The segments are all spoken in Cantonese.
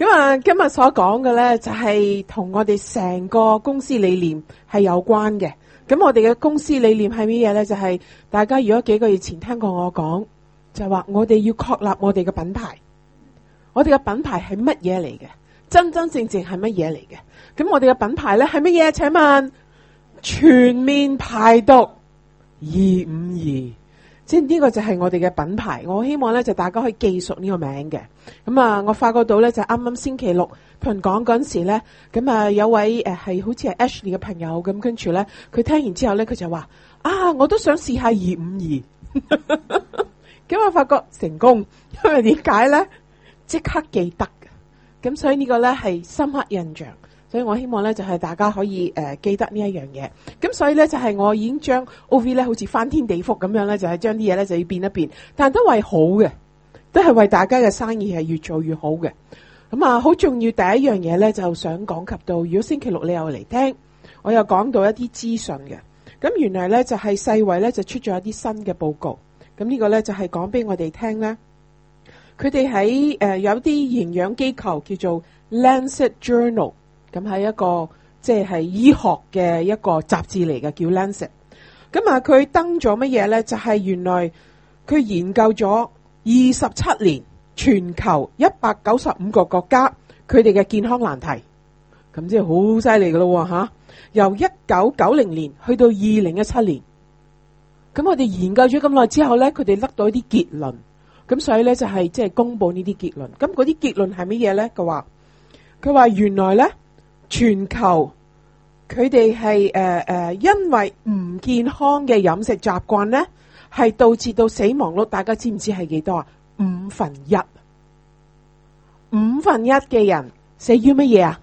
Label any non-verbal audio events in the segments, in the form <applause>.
咁啊，今日所講嘅呢，就係同我哋成個公司理念係有關嘅。咁我哋嘅公司理念係乜嘢呢？就係、是、大家如果幾個月前聽過我講，就話、是、我哋要確立我哋嘅品牌。我哋嘅品牌係乜嘢嚟嘅？真真正正係乜嘢嚟嘅？咁我哋嘅品牌呢，係乜嘢？請問全面排毒二五二。即係呢、這個就係我哋嘅品牌，我希望咧就大家可以記熟呢個名嘅。咁、嗯、啊，我發覺到咧就啱啱星期六同人講嗰陣時咧，咁啊、嗯、有位誒係、呃、好似係 Ashley 嘅朋友咁、嗯、跟住咧，佢聽完之後咧，佢就話啊，我都想試下二五二。咁我發覺成功，因為點解咧？即刻記得嘅，咁、嗯、所以個呢個咧係深刻印象。所以我希望咧就係大家可以誒記得呢一樣嘢。咁所以咧就係我已經將 O V 咧好似翻天地覆咁樣咧，就係將啲嘢咧就要變一變，但都係好嘅，都係為大家嘅生意係越做越好嘅。咁啊，好重要第一樣嘢咧，就想講及到，如果星期六你又嚟聽，我又講到一啲資訊嘅。咁原來咧就係世衛咧就出咗一啲新嘅報告。咁呢個咧就係講俾我哋聽咧，佢哋喺誒有啲營養機構叫做《Lancet Journal》。咁係一個即係、就是、醫學嘅一個雜誌嚟嘅，叫《Lancet》，咁啊佢登咗乜嘢呢？就係、是、原來佢研究咗二十七年，全球一百九十五個國家佢哋嘅健康難題，咁即係好犀利噶咯吓！由一九九零年去到二零一七年，咁我哋研究咗咁耐之後呢，佢哋甩到一啲結論，咁所以呢，就係即係公布呢啲結論。咁嗰啲結論係乜嘢呢？佢話佢話原來呢。」全球佢哋係誒誒，因為唔健康嘅飲食習慣咧，係導致到死亡率。大家知唔知係幾多啊？五分一，五分一嘅人死於乜嘢啊？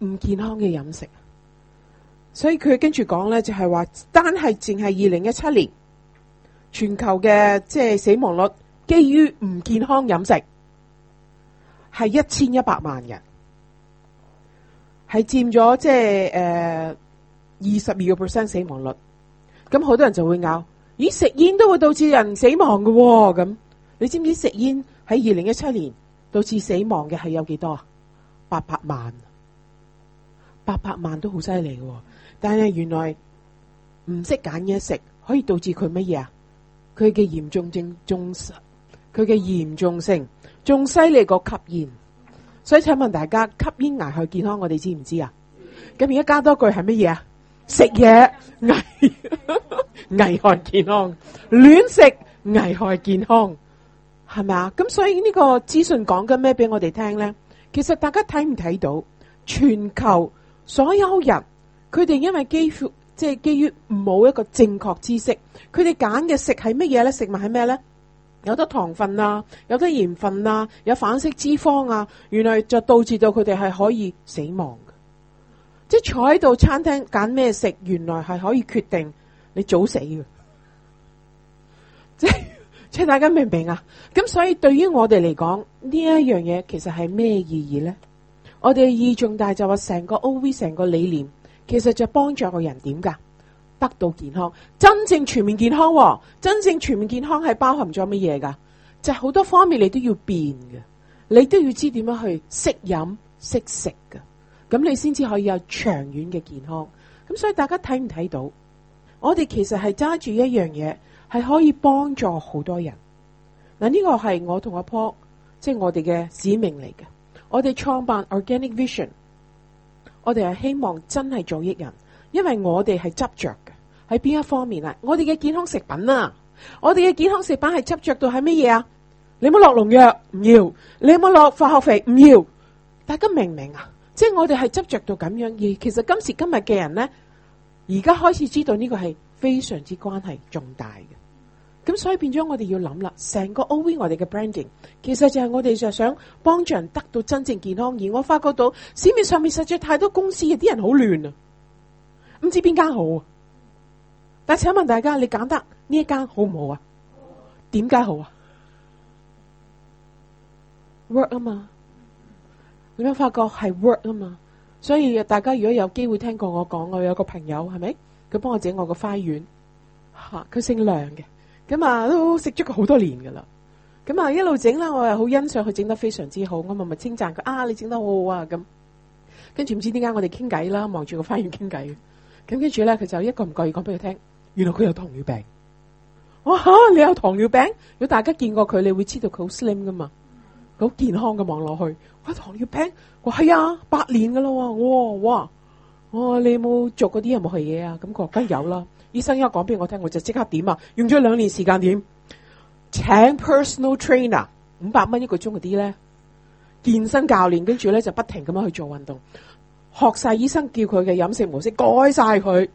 唔健康嘅飲食。所以佢跟住講咧，就係話單係淨係二零一七年全球嘅即係死亡率基於唔健康飲食係一千一百萬人。係佔咗即係誒二十二個 percent 死亡率，咁好多人就會咬，咦食煙都會導致人死亡嘅。哦，咁、哦、你知唔知食煙喺二零一七年導致死亡嘅係有幾多啊？八百萬，八百萬都好犀利嘅，但係原來唔識揀嘢食，可以導致佢乜嘢啊？佢嘅嚴重症仲，佢嘅嚴重性仲犀利過吸煙。所以請問大家吸煙危害健康，我哋知唔知啊？咁而家加多句係乜嘢啊？食嘢危，危害健康，亂食危害健康，係咪啊？咁所以呢個資訊講緊咩俾我哋聽咧？其實大家睇唔睇到，全球所有人，佢哋因為幾乎即係基於冇一個正確知識，佢哋揀嘅食係乜嘢咧？食物係咩咧？有得糖分啊，有得鹽分啊，有反式脂肪啊，原來就導致到佢哋係可以死亡。即係坐喺度餐廳揀咩食，原來係可以決定你早死嘅。即係，請大家明唔明啊？咁所以對於我哋嚟講，呢一樣嘢其實係咩意義咧？我哋嘅意義重大就話成個 O V 成個理念，其實就幫助個人點噶？得到健康，真正全面健康。哦，真正全面健康係包含咗乜嘢噶？就好，是，多方面你都要變嘅，你都要知點樣去識飲識食嘅，咁你先至可以有長遠嘅健康。咁所以大家睇唔睇到？我哋其實係揸住一樣嘢，係可以幫助好多人。嗱，這個，呢個係我同阿 Paul，即係我哋嘅使命嚟嘅。我哋創辦 Organic Vision，我哋係希望真係做益人，因為我哋係執着。喺邊一方面啊？我哋嘅健康食品啊，我哋嘅健康食品係執着到係乜嘢啊？你冇落農藥，唔要；你冇落化學肥，唔要。大家明唔明啊？即係我哋係執着到咁樣。而其實今時今日嘅人咧，而家開始知道呢個係非常之關係重大嘅。咁所以變咗我哋要諗啦，成個 O V 我哋嘅 branding 其實就係我哋就想幫助人得到真正健康。而我發覺到市面上面實在太多公司，嘅啲人好亂啊，唔知邊間好啊。請問大家，你揀得呢一間好唔好啊？點解好啊？work 啊嘛，你都發覺係 work 啊嘛？所以大家如果有機會聽過我講，我有個朋友係咪？佢幫我整我個花園，吓、啊、佢姓梁嘅，咁、嗯、啊都食咗佢好多年噶啦咁、嗯、啊一路整啦，我又好欣賞佢整得非常之好，我咪咪稱讚佢啊，你整得好好啊咁，跟住唔知點解我哋傾偈啦，望住個花園傾偈嘅，咁跟住咧佢就一個唔覺意講俾佢聽。原來佢有糖尿病，哇吓！你有糖尿病？如果大家見過佢，你會知道佢好 slim 噶嘛，好健康嘅，望落去。我糖尿病，佢係啊，八年噶啦，哇哇，哇，哇你有冇做嗰啲有冇係嘢啊？咁我梗有啦。醫生一講俾我聽，我就即刻點啊！用咗兩年時間點，請 personal trainer，五百蚊一個鐘嗰啲咧，健身教練，跟住咧就不停咁樣去做運動，學晒醫生叫佢嘅飲食模式，改晒佢。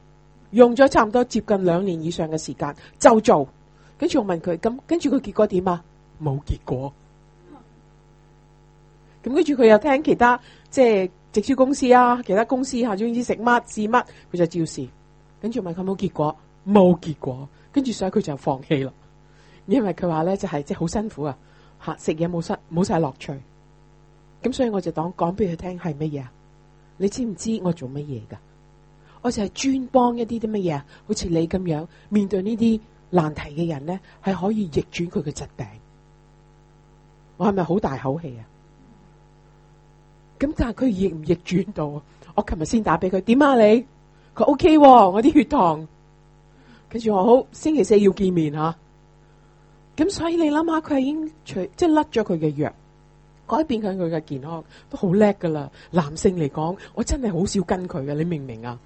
用咗差唔多接近兩年以上嘅時間就做，跟住我問佢咁，跟住佢結果點啊？冇結果。咁跟住佢又聽其他即係直銷公司啊，其他公司下，總之食乜試乜，佢就照試。跟住問佢冇結果，冇結果。跟住所以佢就放棄啦，因為佢話咧就係即係好辛苦啊，吓，食嘢冇失冇晒樂趣。咁所以我就當講俾佢聽係乜嘢啊？你知唔知我做乜嘢噶？我就係專幫一啲啲乜嘢啊，好似你咁樣面對呢啲難題嘅人咧，係可以逆轉佢嘅疾病。我係咪好大口氣啊？咁但係佢逆唔逆轉到我？我琴日先打俾佢，點啊你？佢 OK，、啊、我啲血糖。跟住我好，星期四要見面吓、啊。咁所以你諗下，佢係已經除即係甩咗佢嘅藥，改變緊佢嘅健康都好叻噶啦。男性嚟講，我真係好少跟佢嘅，你明唔明啊？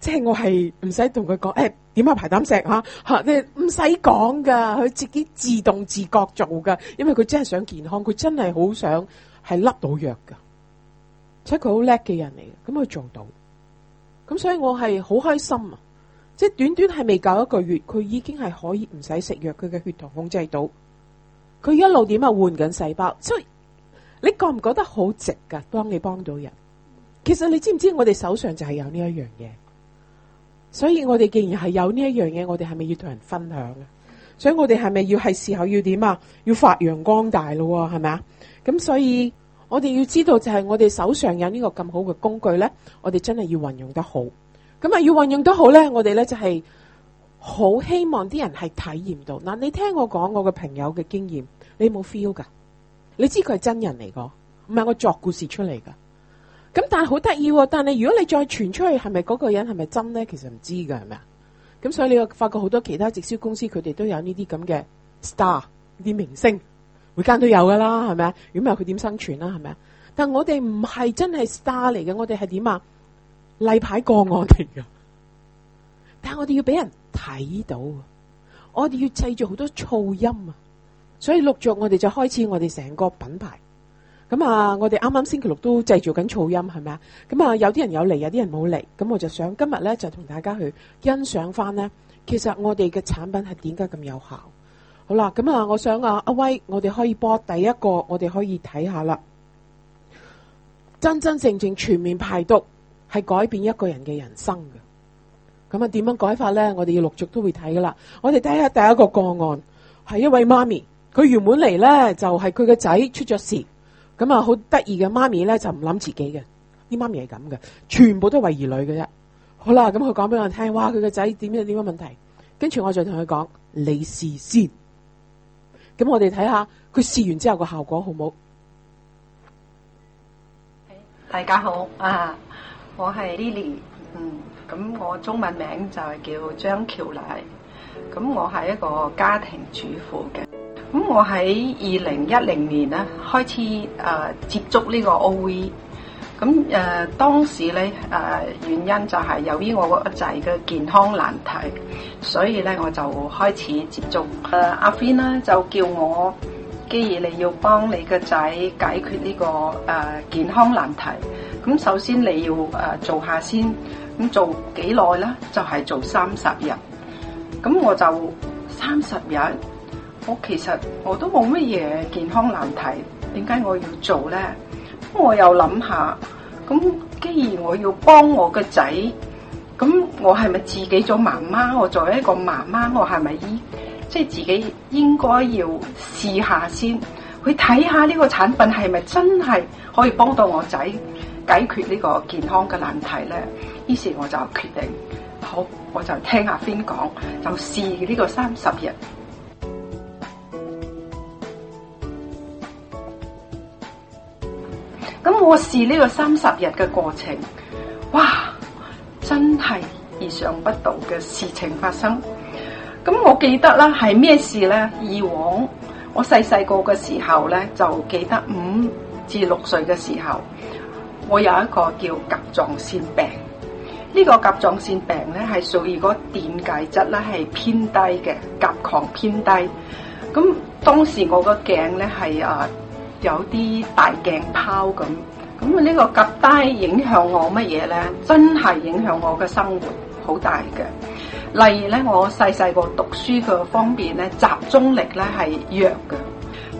即係我係唔使同佢講誒，點、哎、啊排膽石吓吓、啊啊，你唔使講噶，佢自己自動自覺做噶。因為佢真係想健康，佢真係好想係甩到藥噶。即係佢好叻嘅人嚟，咁佢做到咁，所以，所以我係好開心啊！即係短短係未夠一個月，佢已經係可以唔使食藥，佢嘅血糖控制到。佢一路點啊換緊細胞，所以你覺唔覺得好值噶、啊？幫你幫到人，其實你知唔知我哋手上就係有呢一樣嘢。所以我哋既然係有呢一樣嘢，我哋係咪要同人分享啊？所以我哋係咪要係時候要點啊？要發揚光大咯，係咪啊？咁所以我哋要知道，就係我哋手上有呢個咁好嘅工具咧，我哋真係要運用得好。咁啊，要運用得好咧，我哋咧就係好希望啲人係體驗到嗱。你聽我講我嘅朋友嘅經驗，你冇 feel 噶？你知佢係真人嚟個，唔係我作故事出嚟噶。咁但係好得意喎，但係如果你再傳出去，係咪嗰個人係咪真咧？其實唔知噶，係咪啊？咁所以你又發覺好多其他直銷公司佢哋都有呢啲咁嘅 star 啲明星，每間都有噶啦，係咪啊？如果唔係佢點生存啦？係咪啊？但我哋唔係真係 star 嚟嘅，我哋係點啊？例牌過我哋噶， <laughs> 但係我哋要俾人睇到，我哋要製造好多噪音啊！所以陸續我哋就開始我哋成個品牌。咁啊！我哋啱啱星期六都製造緊噪音，係咪啊？咁啊，有啲人有嚟，有啲人冇嚟。咁我就想今日咧，就同大家去欣賞翻咧。其實我哋嘅產品係點解咁有效？好啦，咁啊，我想啊，阿威，我哋可以播第一個，我哋可以睇下啦。真真正正全面排毒係改變一個人嘅人生嘅。咁啊，點樣改法咧？我哋要陸續都會睇噶啦。我哋睇下第一個個案係一位媽咪，佢原本嚟咧就係佢個仔出咗事。咁啊，好得意嘅，媽咪咧就唔諗自己嘅，啲媽咪係咁嘅，全部都係為兒女嘅啫。好啦，咁佢講俾我聽，哇，佢個仔點樣點樣問題，再跟住我就同佢講，你試先。咁我哋睇下佢試完之後個效果好唔好？大家好啊，我係 Lily，嗯，咁我中文名就係叫張喬麗，咁我係一個家庭主婦嘅。咁我喺二零一零年咧開始誒、呃、接觸呢個 O V，咁誒當時咧誒、呃、原因就係由於我個仔嘅健康難題，所以咧我就開始接觸。誒、呃、阿芬咧就叫我既然你要幫你個仔解決呢、這個誒、呃、健康難題，咁首先你要誒、呃、做下先，咁做幾耐咧就係、是、做三十日，咁我就三十日。我其實我都冇乜嘢健康難題，點解我要做呢？我又諗下，咁既然我要幫我個仔，咁我係咪自己做媽媽？我作為一個媽媽，我係咪即係自己應該要試下先去睇下呢個產品係咪真係可以幫到我仔解決呢個健康嘅難題呢？於是我就決定，好，我就聽阿邊講，就試呢個三十日。咁我試呢個三十日嘅過程，哇！真係意想不到嘅事情發生。咁我記得啦，係咩事咧？以往我細細個嘅時候咧，就記得五至六歲嘅時候，我有一個叫甲狀腺病。呢個甲狀腺病咧，係屬於個電解質咧係偏低嘅，甲狀腺偏低。咁當時我個頸咧係啊。有啲大鏡拋咁，咁呢個夾低影響我乜嘢咧？真係影響我嘅生活，好大嘅。例如咧，我細細個讀書嘅方面咧，集中力咧係弱嘅，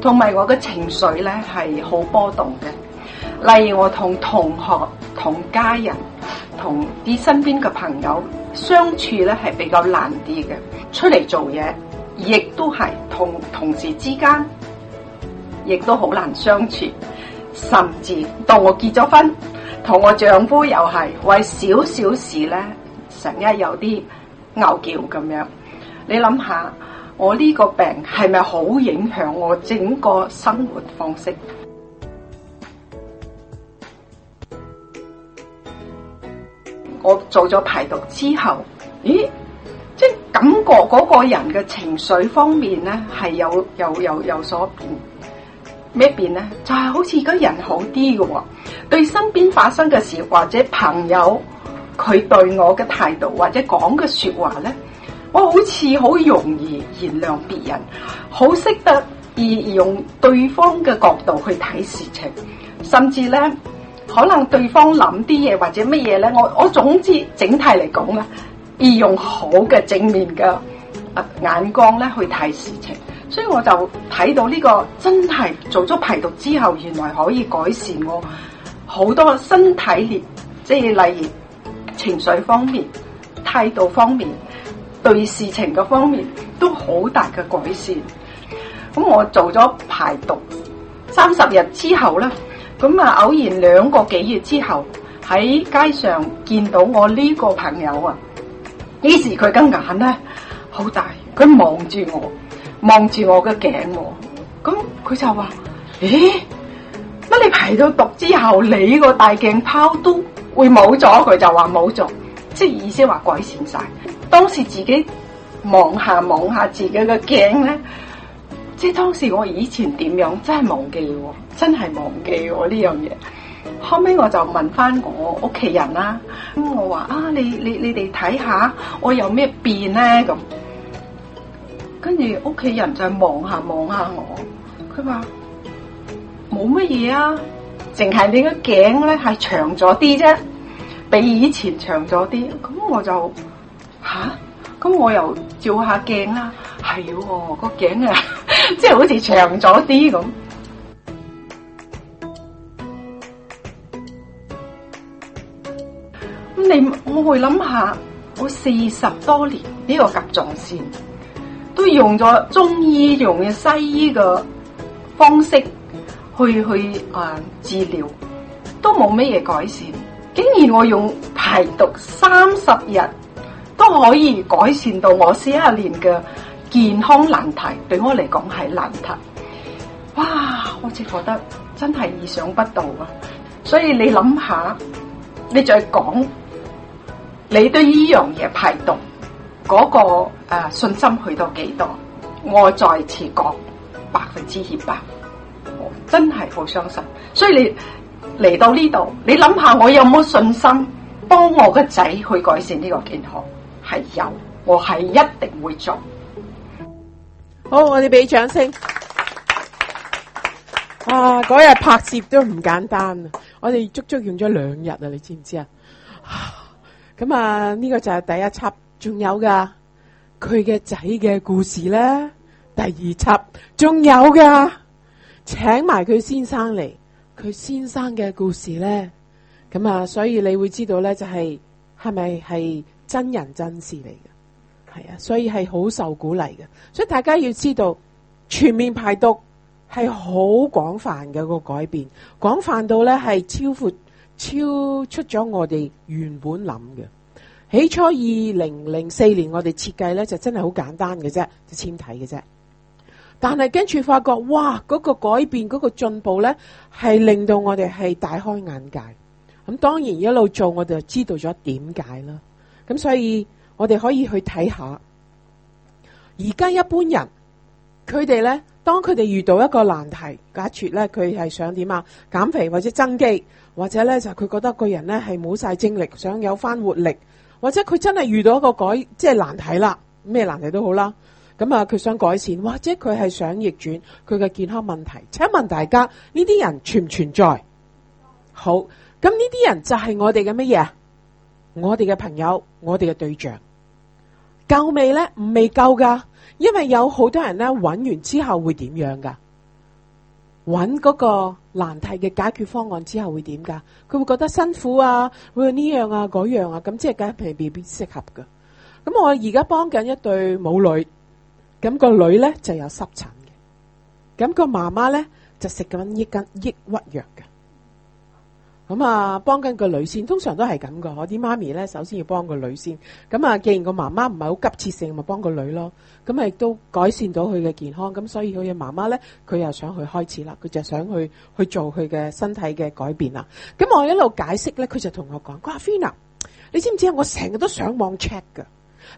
同埋我嘅情緒咧係好波動嘅。例如我同同學、同家人、同啲身邊嘅朋友相處咧係比較難啲嘅。出嚟做嘢，亦都係同同事之間。亦都好難相處，甚至到我結咗婚，同我丈夫又係為少少事咧，成日有啲拗撬咁樣。你諗下，我呢個病係咪好影響我整個生活方式？ <music> 我做咗排毒之後，咦，即係感覺嗰個人嘅情緒方面咧，係有有有有所變。咩變咧？就係、是、好似個人好啲嘅，對身邊發生嘅事或者朋友，佢對我嘅態度或者講嘅說話咧，我好似好容易原諒別人，好識得而用對方嘅角度去睇事情，甚至咧可能對方諗啲嘢或者乜嘢咧，我我總之整體嚟講咧，而用好嘅正面嘅眼光咧去睇事情。所以我就睇到呢個真係做咗排毒之後，原來可以改善我好多身體咧，即係例如情緒方面、態度方面、對事情嘅方面都好大嘅改善。咁我做咗排毒三十日之後咧，咁啊偶然兩個幾月之後喺街上見到我呢個朋友啊，於是佢嘅眼咧好大，佢望住我。望住我個頸，咁佢就話：咦，乜你排到毒之後，你個大頸泡都會冇咗？佢就話冇咗，即係意思話改善晒。當時自己望下望下自己個頸咧，即係當時我以前點樣，真係忘記，真係忘記我呢樣嘢。後尾我就問翻我屋企人啦，咁我話：啊，你你你哋睇下，我有咩變咧咁。跟住屋企人就望下望下我，佢話冇乜嘢啊，淨係你個頸咧係長咗啲啫，比以前長咗啲，咁我就吓，咁我又照下鏡啦，係、啊、哦，個頸啊， <laughs> 即係好似長咗啲咁。咁 <music> 你我會諗下我四十多年呢個甲狀腺。都用咗中醫用嘅西醫嘅方式去去誒治療，都冇乜嘢改善。竟然我用排毒三十日都可以改善到我四十年嘅健康難題，對我嚟講係難題。哇！我真覺得真係意想不到啊！所以你諗下，你再講你對呢樣嘢排毒。嗰、那個誒、啊、信心去到幾多？我再次講百分之二百，我真係好相信。所以你嚟到呢度，你諗下我有冇信心幫我個仔去改善呢個健康？係有，我係一定會做。好，我哋俾掌聲。哇、啊！嗰日拍攝都唔簡單，我哋足足用咗兩日啊！你知唔知啊？咁啊，呢、這個就係第一輯。仲有噶，佢嘅仔嘅故事咧，第二輯仲有噶，請埋佢先生嚟，佢先生嘅故事咧，咁啊，所以你會知道咧，就係係咪係真人真事嚟嘅？係啊，所以係好受鼓勵嘅。所以大家要知道，全面排毒係好廣泛嘅個改變，廣泛到咧係超闊超出咗我哋原本諗嘅。起初，二零零四年我哋設計咧就真係好簡單嘅啫，就簽體嘅啫。但係跟住發覺，哇！嗰個改變、嗰個進步咧，係令到我哋係大開眼界。咁當然一路做，我哋就知道咗點解啦。咁所以我哋可以去睇下，而家一般人佢哋咧，當佢哋遇到一個難題假設咧，佢係想點啊？減肥或者增肌，或者咧就佢覺得個人咧係冇晒精力，想有返活力。或者佢真係遇到一個改，即係難題啦，咩難題都好啦，咁啊佢想改善，或者佢係想逆轉佢嘅健康問題。請問大家呢啲人存唔存在？好，咁呢啲人就係我哋嘅乜嘢？我哋嘅朋友，我哋嘅對象夠未呢？唔未夠噶，因為有好多人呢，揾完之後會點樣噶？揾嗰個難題嘅解決方案之後會點㗎？佢會覺得辛苦啊，會有呢樣啊嗰樣啊，咁即係梗係未必適合嘅。咁我而家幫緊一對母女，咁個女咧就有濕疹嘅，咁個媽媽咧就食緊抑鬱抑鬱藥嘅。咁啊，幫緊個女先，通常都係咁噶。我啲媽咪咧，首先要幫個女先。咁啊，既然個媽媽唔係好急切性，咪幫個女咯。咁啊，亦都改善到佢嘅健康。咁所以佢嘅媽媽咧，佢又想去開始啦。佢就想去去做佢嘅身體嘅改變啦。咁我一路解釋咧，佢就同我講：佢話 Fina 你知唔知啊？我成日都上網 check 噶。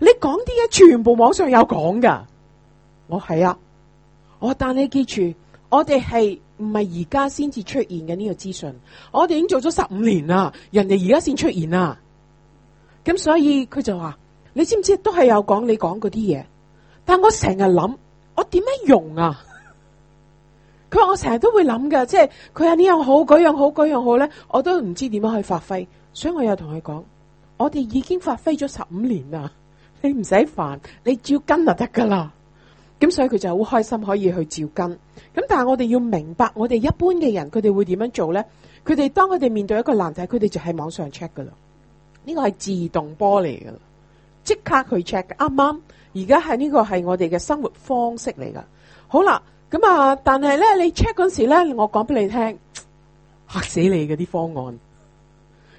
你講啲嘢，全部網上有講噶。我係啊，我但你記住，我哋係。唔係而家先至出現嘅呢個資訊，我哋已經做咗十五年啦，人哋而家先出現啦。咁所以佢就話：你知唔知都係有講你講嗰啲嘢？但我成日諗，我點樣用啊？佢 <laughs> 話我成日都會諗噶，即係佢話呢樣好，嗰樣好，嗰樣好咧，我都唔知點樣去發揮。所以我又同佢講：我哋已經發揮咗十五年啦，你唔使煩，你照跟就得噶啦。咁所以佢就好開心可以去照跟咁但係我哋要明白，我哋一般嘅人佢哋會點樣做咧？佢哋當佢哋面對一個難題，佢哋就喺網上 check 噶啦，呢個係自動波嚟噶啦，即刻去 check。啱啱而家係呢個係我哋嘅生活方式嚟噶。好啦，咁啊，但係咧，你 check 嗰時咧，我講俾你聽，嚇死你嘅啲方案，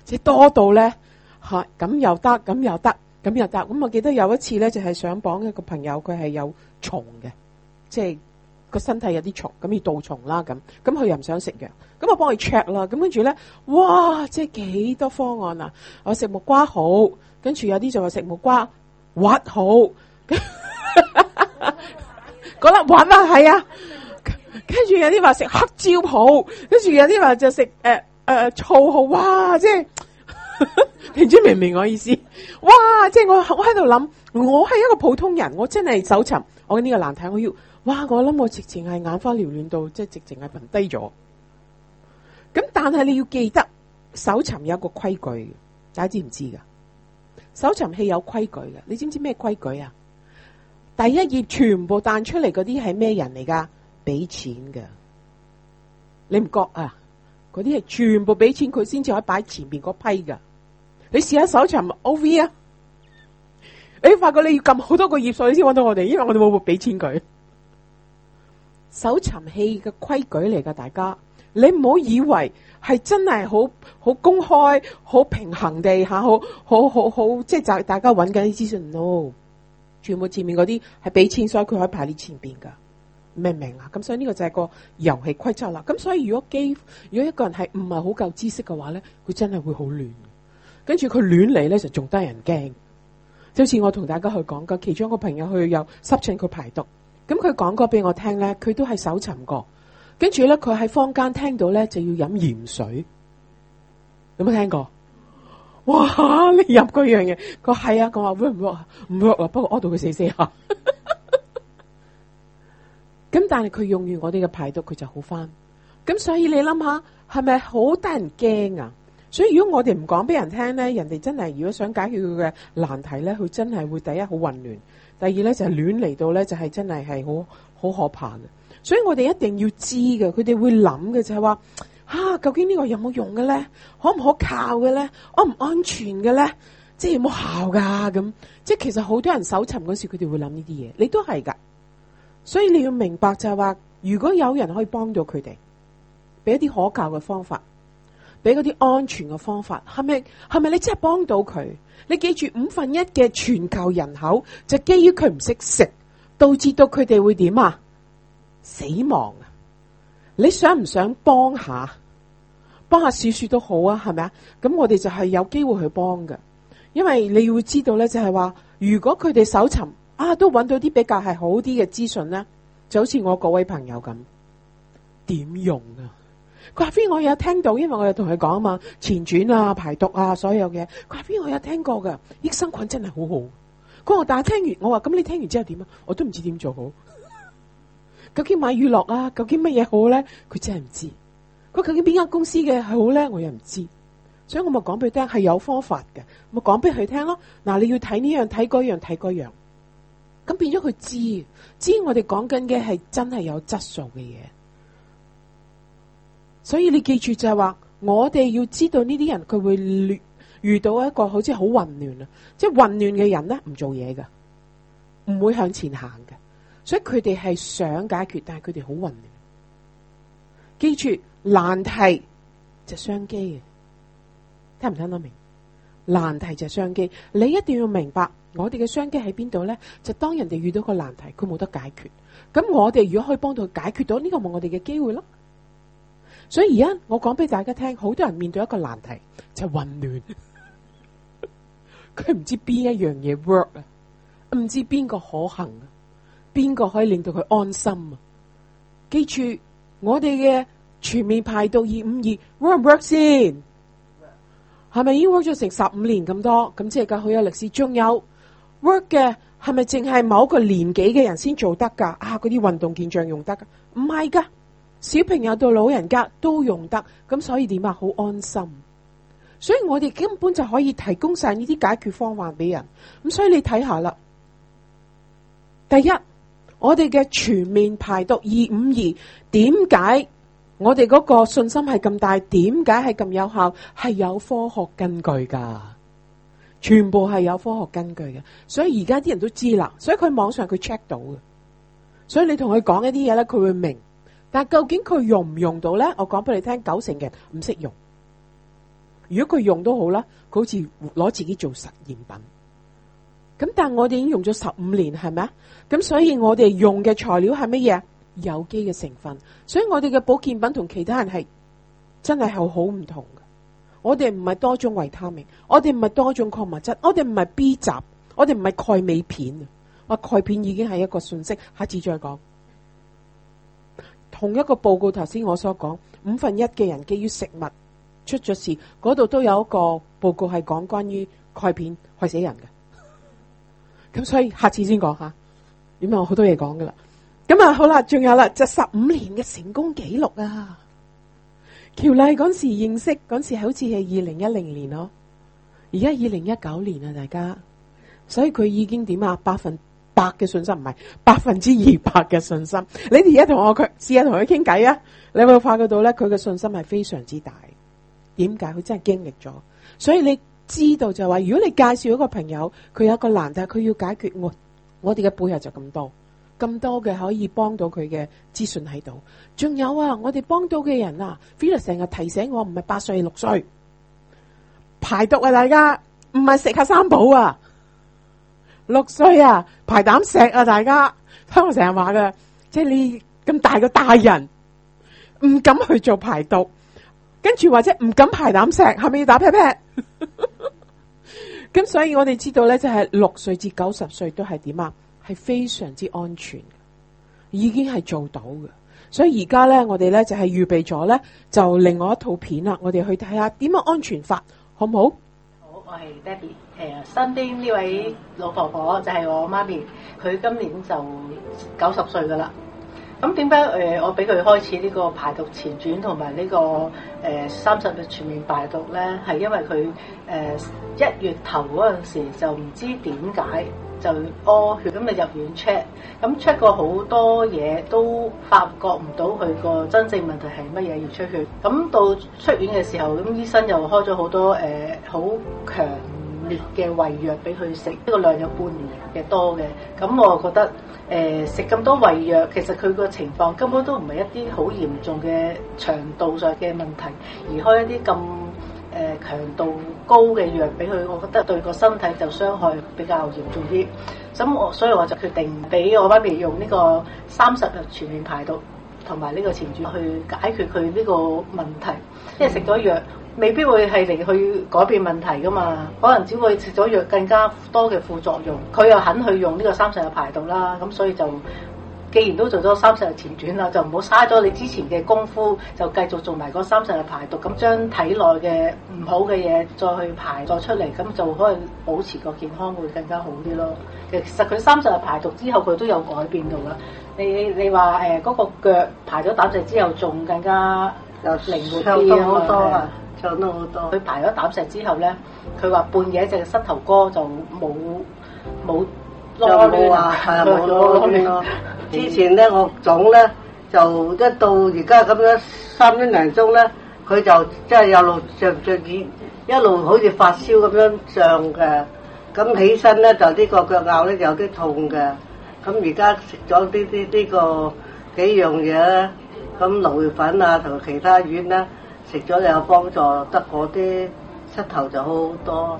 即係多到咧吓，咁又得，咁又得，咁又得咁我記得有一次咧，就係上榜一個朋友，佢係有。蟲嘅，即係個身體有啲蟲，咁要杜蟲啦，咁咁佢又唔想食藥，咁我幫佢 check 啦，咁跟住咧，哇，即係幾多方案啊！我食木瓜好，跟住有啲就話食木瓜核好，講得穩啊，係啊，跟住有啲話食黑椒好，跟住有啲話就食誒誒醋好，哇，即係，你知明唔明我意思？哇，即係我我喺度諗，我係一個普通人，我真係搜尋。我呢個難題，我要哇！我諗我直情係眼花繚亂到，即係直情係暈低咗。咁但係你要記得，搜尋有一個規矩，大家知唔知噶？搜尋器有規矩嘅，你知唔知咩規矩啊？第一頁全部彈出嚟嗰啲係咩人嚟噶？俾錢噶，你唔覺啊？嗰啲係全部俾錢，佢先至可以擺前面嗰批噶。你試下搜尋 OV 啊！你、哎、發覺你要撳好多個頁數，你先搵到我哋，因為我哋冇俾錢佢。搜尋器嘅規矩嚟噶，大家你唔好以為係真係好好公開、好平衡地吓，好好好好，即係就大家揾緊啲資訊。n、no. 全部前面嗰啲係俾錢，所以佢可以排喺你前邊噶。明唔明啊？咁所以呢個就係個遊戲規則啦。咁所以如果基如果一個人係唔係好夠知識嘅話咧，佢真係會好亂。跟住佢亂嚟咧，就仲得人驚。就好似我同大家去講過，其中一個朋友去有濕疹，佢排毒，咁佢講過俾我聽咧，佢都係搜尋過，跟住咧佢喺坊間聽到咧就要飲鹽水，有冇聽過？哇，你入嗰樣嘢，佢係啊，佢話唔喐唔喐啊，不過屙到佢死死下。咁 <laughs> 但係佢用完我哋嘅排毒，佢就好翻。咁所以你諗下，係咪好得人驚啊？所以如果我哋唔講俾人聽咧，人哋真係如果想解決佢嘅難題咧，佢真係會第一好混亂，第二咧就係亂嚟到咧，就係真係係好好可怕嘅。所以我哋一定要知嘅，佢哋會諗嘅就係話，啊，究竟呢個有冇用嘅咧？可唔可靠嘅咧？安唔安全嘅咧？即係有冇效噶咁？即係其實好多人搜尋嗰時，佢哋會諗呢啲嘢，你都係噶。所以你要明白就係話，如果有人可以幫到佢哋，俾一啲可靠嘅方法。俾嗰啲安全嘅方法，係咪？係咪你真係幫到佢？你記住五分一嘅全球人口就基於佢唔識食，導致到佢哋會點啊？死亡啊！你想唔想幫下？幫下少少都好啊，係咪啊？咁我哋就係有機會去幫㗎，因為你會知道咧，就係話如果佢哋搜尋啊，都揾到啲比較係好啲嘅資訊咧，就好似我嗰位朋友咁，點用啊？佢話邊我有聽到，因為我有同佢講啊嘛，前傳啊、排毒啊，所有嘅，佢話邊我有聽過噶，益生菌真係好好。佢話但係聽完，我話咁你聽完之後點啊？我都唔知點做好。究竟買乳酪啊？究竟乜嘢好咧？佢真係唔知。佢究竟邊間公司嘅好咧？我又唔知。所以我咪講俾佢聽，係有方法嘅，咪講俾佢聽咯。嗱，你要睇呢樣睇嗰樣睇嗰樣，咁、這個這個這個、變咗佢知，知我哋講緊嘅係真係有質素嘅嘢。所以你記住就係話，我哋要知道呢啲人佢會遇到一個好似好混亂啊，即係混亂嘅人咧，唔做嘢噶，唔會向前行嘅。所以佢哋係想解決，但係佢哋好混亂。記住難題就係商機嘅，聽唔聽得明？難題就係商機，你一定要明白我哋嘅商機喺邊度咧？就當人哋遇到個難題，佢冇得解決，咁我哋如果可以幫到佢解決到，呢個冇我哋嘅機會咯。所以而家我講俾大家聽，好多人面對一個難題就係混亂，佢 <laughs> 唔知邊一樣嘢 work 啊，唔知邊個可行，邊個可以令到佢安心啊。記住我哋嘅全面派到二五二 work 唔 work 先，係咪 Yeah. 已經 work 咗成十五年咁多？咁即係佢好有歷史，仲有 work 嘅係咪淨係某個年紀嘅人先做得噶？啊，嗰啲運動健將用得噶？唔係噶。小朋友到老人家都用得咁，所以點啊？好安心。所以我哋根本就可以提供晒呢啲解決方案俾人咁，所以你睇下啦。第一，我哋嘅全面排毒二五二，點解我哋嗰個信心係咁大？點解係咁有效？係有科學根據噶，全部係有科學根據嘅。所以而家啲人都知啦，所以佢網上佢 check 到嘅，所以你同佢講一啲嘢咧，佢會明。但究竟佢用唔用到咧？我講俾你聽，九成嘅唔識用。如果佢用都好啦，佢好似攞自己做實驗品。咁但係我哋已經用咗十五年，係咪啊？咁所以我哋用嘅材料係乜嘢？有機嘅成分。所以我哋嘅保健品同其他人係真係係好唔同嘅。我哋唔係多種維他命，我哋唔係多種礦物質，我哋唔係 B 集，我哋唔係鈣鎂片。我鈣片已經係一個信息，下次再講。同一個報告頭先我所講，五分一嘅人基於食物出咗事，嗰度都有一個報告係講關於鈣片害死人嘅。咁所以下次先講下，點解我好多嘢講噶啦。咁啊好啦，仲有啦，就十五年嘅成功紀錄啊。喬麗嗰時認識嗰時好似係二零一零年咯、哦，而家二零一九年啊，大家，所以佢已經點啊百分。百嘅信心唔係百分之二百嘅信心，你而家同我佢試下同佢傾偈啊！你會發覺到咧？佢嘅信心係非常之大，點解佢真係經歷咗？所以你知道就係話，如果你介紹一個朋友，佢有一個難題，但係佢要解決我，我我哋嘅背後就咁多咁多嘅可以幫到佢嘅資訊喺度，仲有啊，我哋幫到嘅人啊，Fila 成日提醒我，唔係八歲六歲排毒啊，大家唔係食下三寶啊。六歲啊，排膽石啊，大家聽我成日話嘅，即係你咁大個大人，唔敢去做排毒，跟住或者唔敢排膽石，係咪要打 pat pat？咁所以我哋知道咧，就係六歲至九十歲都係點啊，係非常之安全，已經係做到嘅。所以而家咧，我哋咧就係預備咗咧，就另外一套片啦，我哋去睇下點樣安全法，好唔好？我係 Debbie，誒，身邊呢位老婆婆就係我媽咪，佢今年就九十歲噶啦。咁點解誒我俾佢開始呢個排毒前轉同埋呢個誒、呃、三十日全面排毒咧？係因為佢誒、呃、一月頭嗰陣時就唔知點解就屙血，咁咪入院 check，咁 check 過好多嘢都發覺唔到佢個真正問題係乜嘢要出血。咁到出院嘅時候，咁醫生又開咗好多誒好強。呃嘅胃藥俾佢食，呢個量有半年嘅多嘅，咁我覺得，誒食咁多胃藥，其實佢個情況根本都唔係一啲好嚴重嘅腸道上嘅問題，而開一啲咁誒強度高嘅藥俾佢，我覺得對個身體就傷害比較嚴重啲。咁我所以我就決定俾我媽咪用呢個三十日全面排毒。同埋呢個前傳去解決佢呢個問題，即係食咗藥未必會係嚟，去改變問題噶嘛，可能只會食咗藥更加多嘅副作用。佢又肯去用呢個三十日排毒啦，咁所以就。既然都做咗三十日前轉啦，就唔好嘥咗你之前嘅功夫，就繼續做埋嗰三十日排毒，咁將體內嘅唔好嘅嘢再去排咗出嚟，咁就可以保持個健康會更加好啲咯。其實佢三十日排毒之後，佢都有改變到啦。你你你話誒嗰個腳排咗膽石之後，仲更加靈活啲啊，長多好多啊，長多好多。佢排咗膽石之後咧，佢話半夜隻膝頭哥就冇冇，就冇話係冇攞之前咧，我總咧就一到而家咁樣三點零鐘咧，佢就即係一路着着丸，一路好似發燒咁樣漲嘅。咁起身咧，就呢個腳拗咧有啲痛嘅。咁而家食咗呢啲呢個幾樣嘢咧，咁蘆筍粉啊同其他丸咧食咗就有幫助，得嗰啲膝頭就好好多。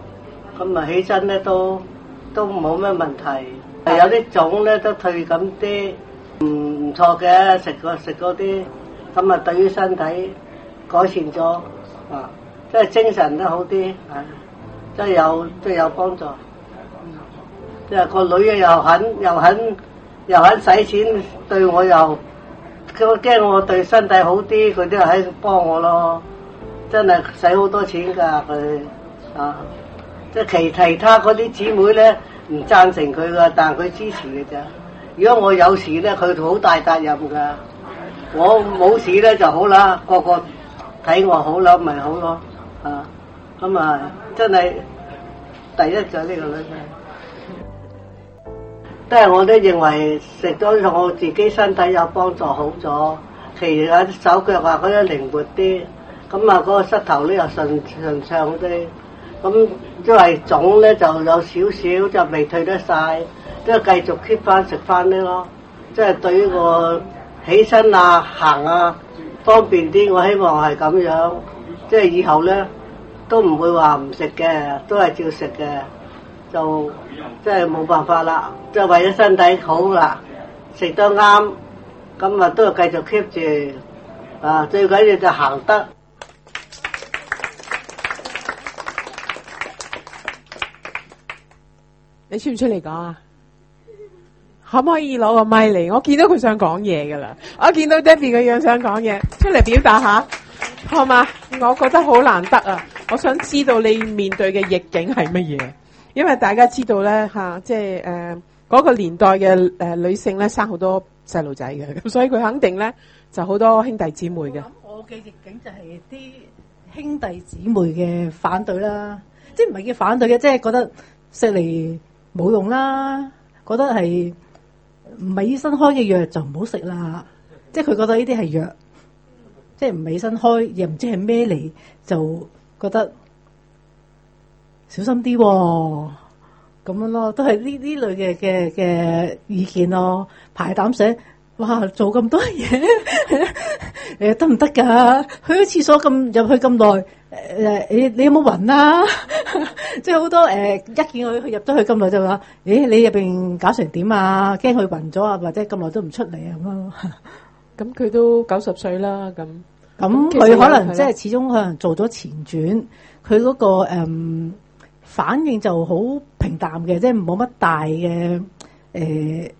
咁咪起身咧都～都冇咩問題，係有啲腫咧都退咁啲，唔唔錯嘅，食個食嗰啲咁啊，對於身體改善咗啊，即係精神都好啲，係即係有都有幫助。即、嗯、係、就是、個女嘅又肯又肯又肯使錢對我又，我驚我對身體好啲，佢都係喺度幫我咯，真係使好多錢㗎佢啊！即係其其他嗰啲姊妹咧唔贊成佢噶，但係佢支持嘅咋。如果我有事咧，佢好大責任噶。我冇事咧就好啦。個個睇我好啦，咪好咯。啊，咁啊，真係第一就呢個女仔。都係我，我都認為食咗我自己身體有幫助，好咗。其他手腳啊嗰啲靈活啲，咁啊嗰個膝頭咧又順順暢啲。咁即係腫咧就有少少，就未退得晒，都係繼續 keep 翻食翻啲咯。即係對於我起身啊、行啊方便啲，我希望係咁樣。即係以後咧都唔會話唔食嘅，都係照食嘅。就即係冇辦法啦，即係為咗身體好啦，食得啱，咁啊都係繼續 keep 住啊。最緊要就行得。你出唔出嚟講啊？可唔可以攞個咪嚟？我見到佢想講嘢噶啦，我見到 Debbie 個樣想講嘢，出嚟表達下，好嘛？ <laughs> 我覺得好難得啊！我想知道你面對嘅逆境係乜嘢？因為大家知道咧，吓、啊，即係誒嗰個年代嘅誒女性咧生好多細路仔嘅，咁所以佢肯定咧就好多兄弟姊妹嘅。咁我嘅逆境就係啲兄弟姊妹嘅反對啦， <laughs> 即係唔係叫反對嘅，即係覺得嚟。冇用啦，覺得係唔係醫生開嘅藥就唔好食啦，即係佢覺得呢啲係藥，即係唔係醫生開，又唔知係咩嚟，就覺得小心啲喎，咁樣咯，都係呢呢類嘅嘅嘅意見咯，排膽水。哇！做咁多嘢，誒得唔得㗎？去咗廁所咁入去咁耐，誒、呃、你你有冇暈啊？ <laughs> 即係好多誒、呃，一見佢入咗去咁耐就話，咦，你入邊搞成點啊？驚佢暈咗啊，或者咁耐都唔出嚟啊咁咯。咁佢都九十歲啦，咁咁佢可能即係始終可能做咗前傳，佢嗰、個、誒、反應就好平淡嘅，即係冇乜大嘅誒。呃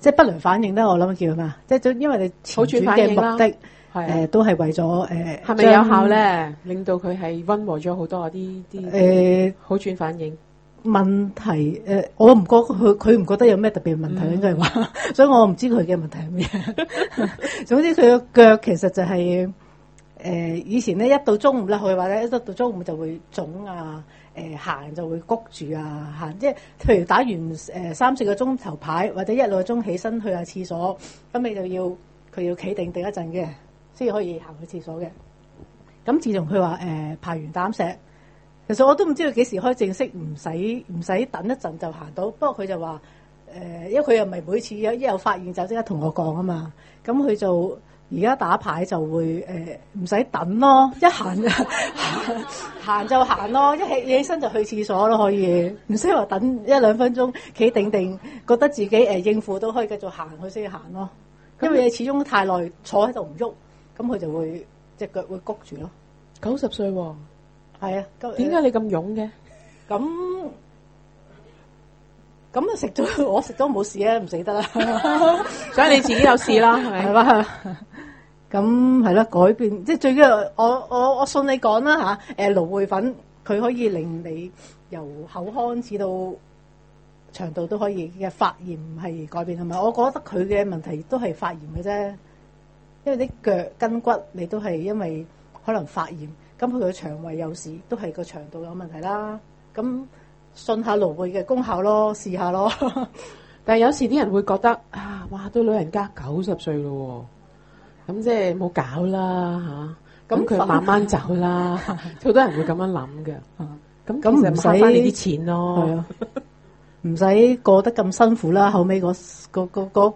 即係不良反應咧，我諗叫咩，即係因為你前轉嘅目的，誒、呃、都係為咗誒，係、呃、咪有效咧？令到佢係溫和咗、呃、好多啊！啲啲誒好轉反應問題誒、呃，我唔覺佢佢唔覺得有咩特別問題、嗯、應該係話，所以我唔知佢嘅問題係咩。 <laughs> 總之佢嘅腳其實就係、是、誒、呃、以前咧一到中午咧，佢話咧一到中午就會腫啊。誒行、呃、就會谷住啊，行即係譬如打完誒、呃、三四個鐘頭牌，或者一兩個鐘起身去下廁所，咁你就要佢要企定定一陣嘅，先可以行去廁所嘅。咁自從佢話誒排完膽石，其實我都唔知道幾時開正式唔使唔使等一陣就行到。不過佢就話誒、呃，因為佢又唔係每次有一有發現就即刻同我講啊嘛，咁佢就。而家打牌就會誒唔使等咯，一行就 <laughs> 行就行咯，一起一起身就去廁所咯，可以唔需要話等一兩分鐘，企定定覺得自己誒、呃、應付都可以繼續行去先行咯。因為你始終太耐坐喺度唔喐，咁佢就會隻腳會谷住咯。九十歲喎、哦，係啊，點解你咁勇嘅？咁咁啊食咗我食都冇事啊，唔死得啦， <laughs> <laughs> 所以你自己有事啦係咪？是咁係啦，改變即係最緊要我。我我我信你講啦吓。誒、啊，蘆薈粉佢可以令你由口腔至到腸道都可以嘅發炎係改變，係咪？我覺得佢嘅問題都係發炎嘅啫，因為啲腳筋骨你都係因為可能發炎。咁佢嘅腸胃有時都係個腸道有問題啦。咁信下蘆薈嘅功效咯，試下咯。 <laughs> 但係有時啲人會覺得啊，哇，對老人家九十歲咯。咁即係冇搞啦嚇，咁佢慢慢走啦，好多人會咁樣諗嘅。咁咁唔使呢啲錢咯，係啊，唔使過得咁辛苦啦。後尾嗰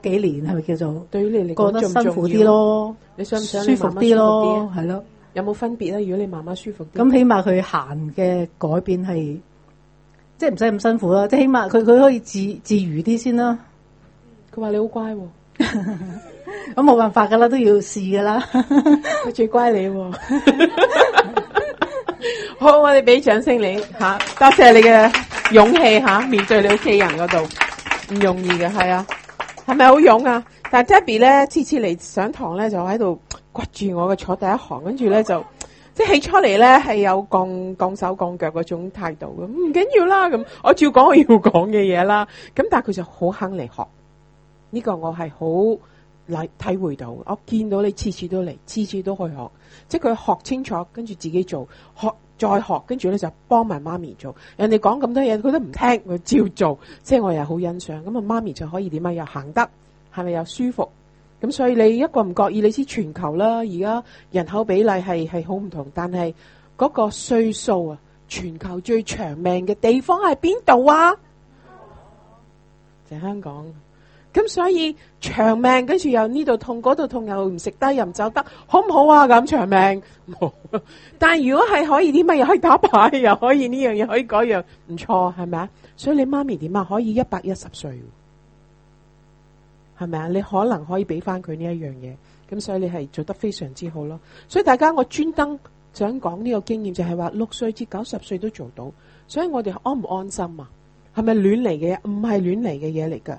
幾年係咪叫做對於你嚟講過得辛苦啲咯？你想唔想舒服啲咯？係咯？有冇分別咧？如果你慢慢舒服，咁起碼佢行嘅改變係即係唔使咁辛苦啦。即係起碼佢佢可以自自如啲先啦。佢話你好乖喎。我冇辦法噶啦，都要試噶啦。 <laughs> 我最乖、啊、 <laughs> 我你，好我哋俾掌聲你吓，多、啊、謝、謝你嘅勇氣吓、啊，面對你屋企人嗰度唔容易嘅，係啊，係咪好勇啊？但 Debbie 咧，次次嚟上堂咧就喺度掘住我嘅坐第一行，跟住咧就即係起初嚟咧係有杠槓手槓腳嗰種態度嘅，唔、啊、緊要啦咁，我照講我要講嘅嘢啦。咁但係佢就好肯嚟學，呢、這個我係好。嚟體會到，我見到你次次都嚟，次次都去學，即係佢學清楚，跟住自己做，學再學，跟住咧就幫埋媽咪做。人哋講咁多嘢，佢都唔聽，佢照做，即係我又好欣賞。咁啊，媽咪就可以點啊？又行得，係咪又舒服？咁所以你一個唔覺意，你知全球啦，而家人口比例係係好唔同，但係嗰個歲數啊，全球最長命嘅地方係邊度啊？ <laughs> 就香港。咁所以長命，跟住又呢度痛，嗰度痛，又唔食得，又唔走得，好唔好啊？咁長命，但係如果係可以點啊？又可以打牌，又可以呢樣嘢，可以嗰樣，唔錯係咪啊？所以你媽咪點啊？可以一百一十歲，係咪啊？你可能可以俾翻佢呢一樣嘢，咁所以你係做得非常之好咯。所以大家我專登想講呢個經驗，就係話六歲至九十歲都做到，所以我哋安唔安心啊？係咪亂嚟嘅？唔係亂嚟嘅嘢嚟噶。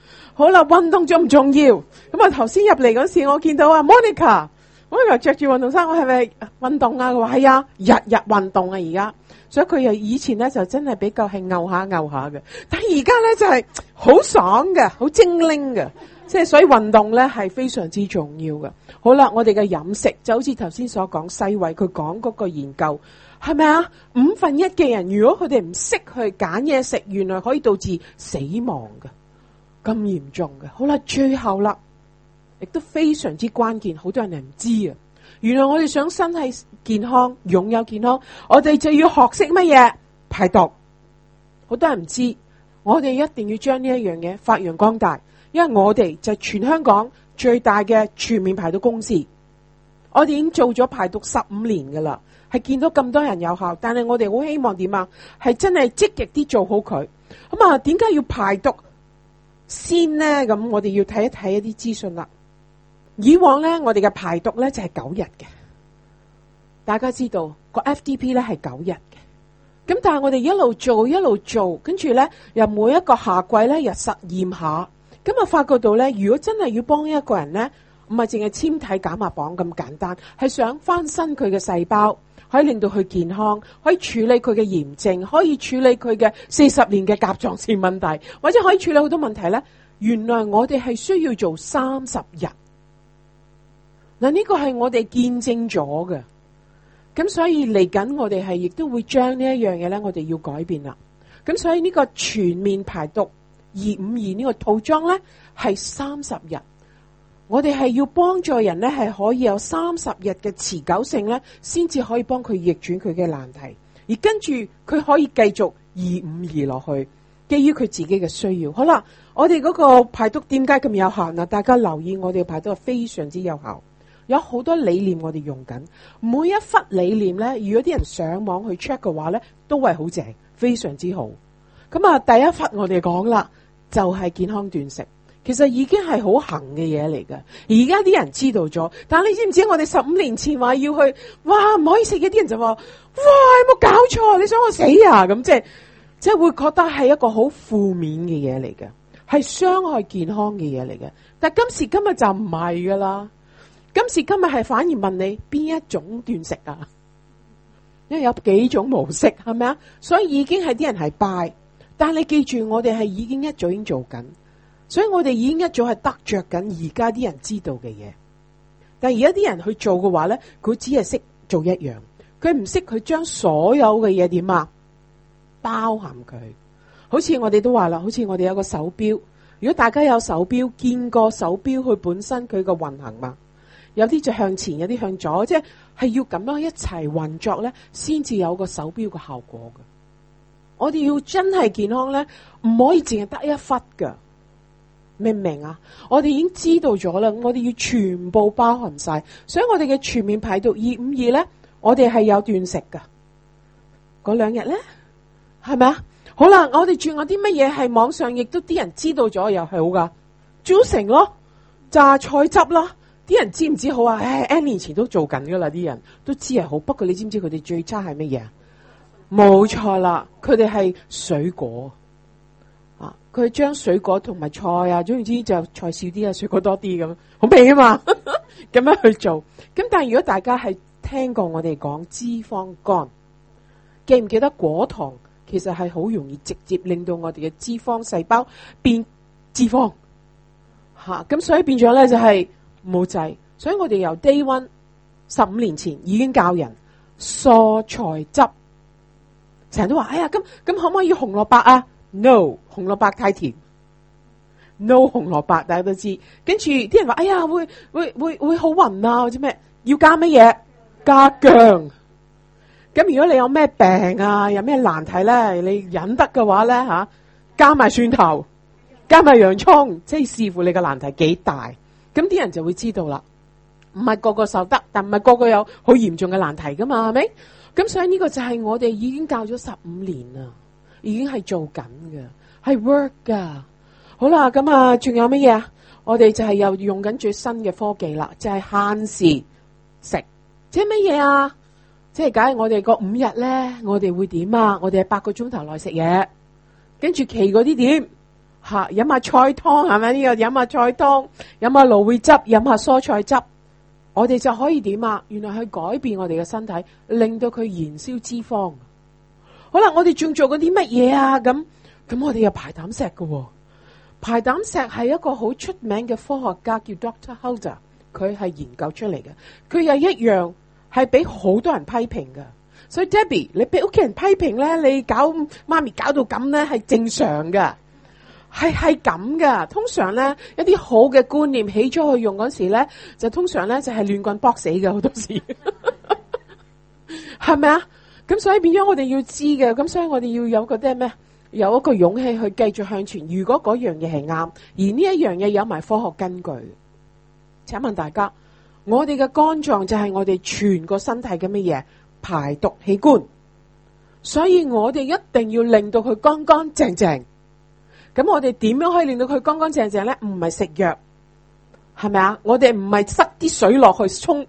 好啦，運動仲唔重要？咁啊，頭先入嚟嗰時，我見到啊，Monica，Monica 着住運動衫，我係咪運動啊？佢話係啊，日日運動啊，而家，所以佢又以前咧就真係比較係拗下拗下嘅，但係而家咧就係好爽嘅，好精靈嘅，即係所以運動咧係非常之重要嘅。好啦，我哋嘅飲食就好似頭先所講，世衛佢講嗰個研究係咪啊？五分一嘅人如果佢哋唔識去揀嘢食，原來可以導致死亡嘅。咁嚴重嘅，好啦，最後啦，亦都非常之關鍵。好多人唔知啊，原來我哋想身體健康，擁有健康，我哋就要學識乜嘢排毒。好多人唔知，我哋一定要將呢一樣嘢發揚光大，因為我哋就係全香港最大嘅全面排毒公司。我哋已經做咗排毒十五年噶啦，係見到咁多人有效，但係我哋好希望點啊？係真係積極啲做好佢。咁啊，點解要排毒？先呢，咁我哋要睇一睇一啲資訊啦。以往呢，我哋嘅排毒呢就係九日嘅，大家知道個 FDP 呢係九日嘅。咁但係我哋一路做一路做，跟住呢又每一個夏季呢，又實驗下，咁啊發覺到呢，如果真係要幫一個人呢，唔係淨係籤體減壓榜咁簡單，係想翻新佢嘅細胞。可以令到佢健康，可以處理佢嘅炎症，可以處理佢嘅四十年嘅甲狀腺問題，或者可以處理好多問題呢。原來我哋係需要做三十日，嗱、這、呢個係我哋見證咗嘅。咁所以嚟緊我哋係亦都會將呢一樣嘢呢，我哋要改變啦。咁所以呢個全面排毒二五二呢個套裝呢，係三十日。我哋係要幫助人呢，係可以有三十日嘅持久性呢，先至可以幫佢逆轉佢嘅難題，而跟住佢可以繼續二五二落去，基於佢自己嘅需要。好啦，我哋嗰個排毒點解咁有效啊？大家留意我哋嘅排毒係非常之有效，有好多理念我哋用緊，每一忽理念呢，如果啲人上網去 check 嘅話呢，都係好正，非常之好。咁啊，第一忽我哋講啦，就係健康斷食。其實已經係好行嘅嘢嚟噶，而家啲人知道咗。但係你知唔知？我哋十五年前話要去，哇唔可以食嘅，啲人就話哇有冇搞錯，你想我死啊？咁、就是、即係即係會覺得係一個好負面嘅嘢嚟嘅，係傷害健康嘅嘢嚟嘅。但係今時今日就唔係噶啦，今時今日係反而問你邊一種斷食啊？因為有幾種模式，係咪啊？所以已經係啲人系拜，但係你記住我哋係已經一早已經做緊。所以我哋已經一早係得着緊而家啲人知道嘅嘢，但而家啲人去做嘅話咧，佢只係識做一樣，佢唔識佢將所有嘅嘢點啊包含佢。好似我哋都話啦，好似我哋有個手錶，如果大家有手錶，見過手錶佢本身佢個運行嘛？有啲就向前，有啲向左，即係係要咁樣一齊運作咧，先至有個手錶嘅效果㗎。我哋要真係健康咧，唔可以淨係得一忽㗎。咩明啊？我哋已經知道咗啦，我哋要全部包含晒，所以我哋嘅全面排毒二五二咧，2, 我哋係有斷食噶。嗰兩日咧，係咪啊？好啦，我哋轉我啲乜嘢係網上，亦都啲人知道咗又係好噶，煮成咯，榨菜汁啦，啲人知唔知好啊？誒，哎，N 年，年前都做緊噶啦，啲人都知係好。不過你知唔知佢哋最差係乜嘢啊？冇錯啦，佢哋係水果。佢將水果同埋菜啊，總言之就菜少啲啊，水果多啲咁，好味啊嘛！咁 <laughs> 樣去做，咁但係如果大家係聽過我哋講脂肪肝，記唔記得果糖其實係好容易直接令到我哋嘅脂肪細胞變脂肪，吓、啊、咁所以變咗咧就係冇制。所以我哋由低 a 十五年前已經教人蔬菜汁，成日都話哎呀，咁咁可唔可以紅蘿蔔啊？No 紅蘿蔔太甜，No 紅蘿蔔大家都知，跟住啲人話哎呀會會會會好暈啊或者咩，要加乜嘢加薑，咁如果你有咩病啊有咩難題咧，你忍得嘅話咧吓，啊，加埋蒜頭，加埋洋葱，即係視乎你個難題幾大，咁啲人就會知道啦。唔係個個受得，但唔係個個有好嚴重嘅難題噶嘛，係咪？咁所以呢個就係我哋已經教咗十五年啦。已經係做緊嘅，係 work 噶好啦，咁啊，仲有乜嘢啊？我哋就係又用緊最新嘅科技啦，就係、是、限時食。即係乜嘢啊？即係假如我哋個五日咧，我哋會點啊？我哋係八個鐘頭內食嘢，跟住期嗰啲點吓，飲下菜湯係咪？呢、這個飲下菜湯，飲下蘆薈汁，飲下蔬菜汁，我哋就可以點啊？原來去改變我哋嘅身體，令到佢燃燒脂肪。好啦，我哋仲做嗰啲乜嘢啊？咁咁，我哋有排膽石嘅、喔，排膽石係一個好出名嘅科學家叫 Dr. Holder，佢係研究出嚟嘅，佢又一樣係俾好多人批評嘅。所以 Debbie，你俾屋企人批評咧，你搞媽咪搞到咁咧，係正常嘅，係係咁噶。通常咧，一啲好嘅觀念起初去用嗰時咧，就通常咧就係、是、亂棍搏死嘅好多時，係咪啊？咁所以變咗我哋要知嘅，咁所以我哋要，要有個啲咩？有一個勇氣去繼續向前。如果嗰樣嘢係啱，而呢一樣嘢有埋科學根據，請問大家，我哋嘅肝臟就係我哋全個身體嘅乜嘢？排毒器官。所以我哋一定要令到佢乾乾淨淨。咁我哋點樣可以令到佢乾乾淨淨咧？唔係食藥，係咪啊？我哋唔係塞啲水落去沖，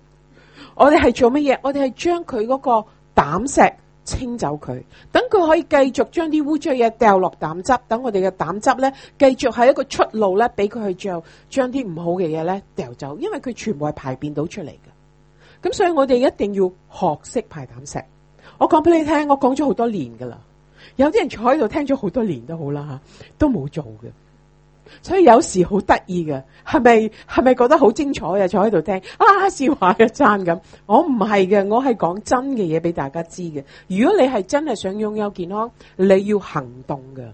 我哋係做乜嘢？我哋係將佢嗰個。膽石清走佢，等佢可以繼續將啲污糟嘢掉落膽汁，等我哋嘅膽汁咧繼續係一個出路咧，俾佢去將將啲唔好嘅嘢咧掉走，因為佢全部係排便到出嚟嘅。咁所以我哋一定要學識排膽石。我講俾你聽，我講咗好多年噶啦，有啲人坐喺度聽咗好多年都好啦，吓都冇做嘅。所以有時好得意嘅，係咪係咪覺得好精彩啊？坐喺度聽啊，笑話一餐咁。我唔係嘅，我係講真嘅嘢，俾大家知嘅。如果你係真係想擁有健康，你要行動嘅。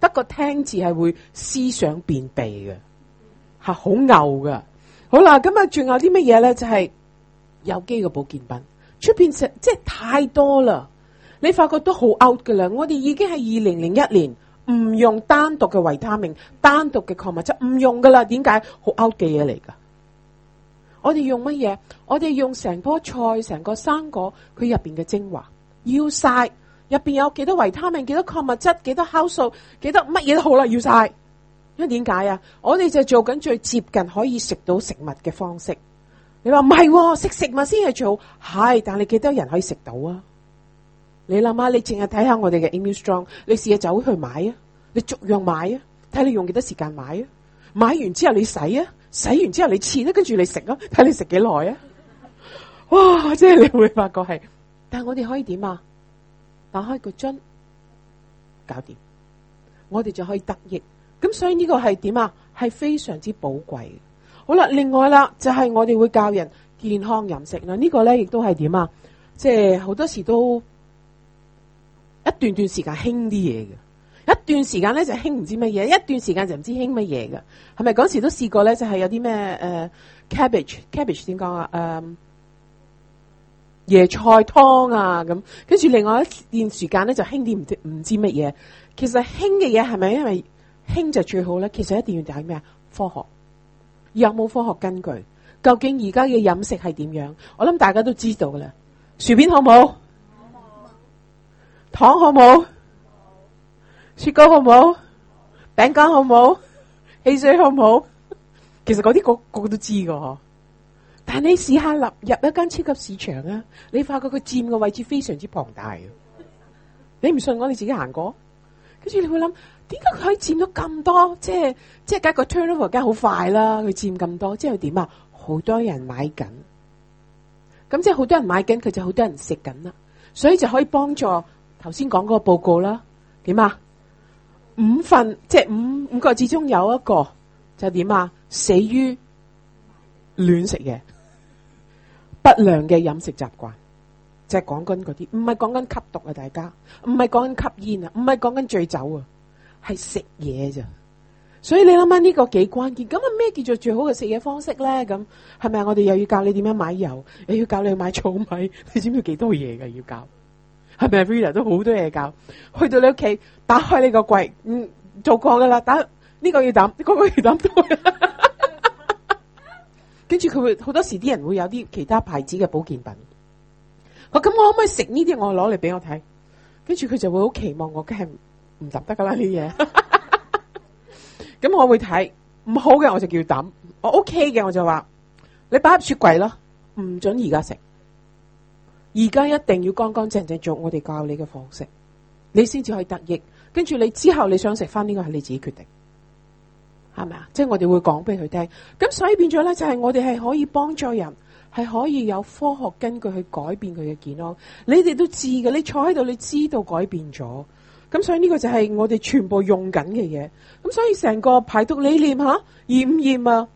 不過聽字係會思想便秘嘅，係好 out 嘅。好啦，咁啊，仲有啲乜嘢咧？就係有機嘅保健品，出邊食即係太多啦。你發覺都好 out 噶啦。我哋已經係二零零一年。唔用單獨嘅維他命、單獨嘅礦物質，唔用噶啦。點解？好 out 嘅嘢嚟噶。我哋用乜嘢？我哋用成棵菜、成個生果，佢入邊嘅精華要晒。入邊有幾多維他命、幾多礦物質、幾多酵素、幾多乜嘢都好啦，要晒。因為點解啊？我哋就做緊最接近可以食到食物嘅方式。你話唔係？食、啊、食物先係做，好。係，但係你幾多人可以食到啊？你諗下啊，你淨係睇下我哋嘅 immune strong，你試下走去買啊，你逐樣買啊，睇你用幾多時間買啊，買完之後你洗啊，洗完之後你切啊，跟住你食啊，睇你食幾耐啊。哇，即係你會發覺係，但係我哋可以點啊？打開個樽，搞掂，我哋就可以得益。咁所以呢個係點啊？係非常之寶貴嘅。好啦，另外啦，就係我哋會教人健康飲食啦。這個、呢個咧亦都係點啊？即係好多時都。段段時間興啲嘢嘅，一段時間咧就興唔知乜嘢，一段時間就唔知興乜嘢嘅。係咪嗰時都試過咧？就係有啲咩誒 cabbage，cabbage 點講啊？嗯、呃，椰菜湯啊咁，跟住另外一段時間咧就興啲唔唔知乜嘢。其實興嘅嘢係咪因為興就最好咧？其實一定要睇咩啊？科學有冇科學根據？究竟而家嘅飲食係點樣？我諗大家都知道啦。薯片好冇？糖好冇？雪糕好冇？餅乾好冇？汽水好冇？其實嗰啲個個都知噶。但係你試下踏入一間超級市場啊，你發覺佢佔嘅位置非常之龐大。你唔信我，你自己行過。跟住你會諗，點解佢可以佔到咁多？即係即係，梗係個 turnover 梗係好快啦。佢佔咁多，即係點啊？好多人買緊，咁即係好多人買緊，佢就好多人食緊啦。所以就可以幫助。頭先講嗰個報告啦，點啊？五份即係五五個之中有一個就係點啊？死於亂食嘢，不良嘅飲食習慣，即係講緊嗰啲，唔係講緊吸毒啊，大家，唔係講緊吸煙啊，唔係講緊醉酒啊，係食嘢啫。所以你諗下呢個幾關鍵，咁啊，咩叫做最好嘅食嘢方式咧？咁係咪？我哋又要教你點樣買油，又要教你去買糙米，你知唔知幾多嘢㗎、啊、要教？係咪，Vida 都好多嘢教，去到你屋企，打開你個櫃，嗯，做過噶啦。但呢個要抌，嗰個要抌。跟住佢會好多時啲人會有啲其他牌子嘅保健品。我咁，我可唔可以食呢啲？我攞嚟俾我睇。跟住佢就會好期望我梗係唔抌得噶啦啲嘢。咁 <laughs> 我會睇唔好嘅，我就叫抌。我 OK 嘅，我就話你擺入雪櫃咯，唔准而家食。而家一定要乾乾淨淨做我哋教你嘅方式，你先至可以得益。跟住你之後你想食翻呢個係你自己決定，係咪啊？即係我哋會講俾佢聽。咁所以變咗咧，就係我哋係可以幫助人，係可以有科學根據去改變佢嘅健康。你哋都知嘅，你坐喺度你知道改變咗。咁所以呢個就係我哋全部用緊嘅嘢。咁所以成個排毒理念吓，厭唔厭啊？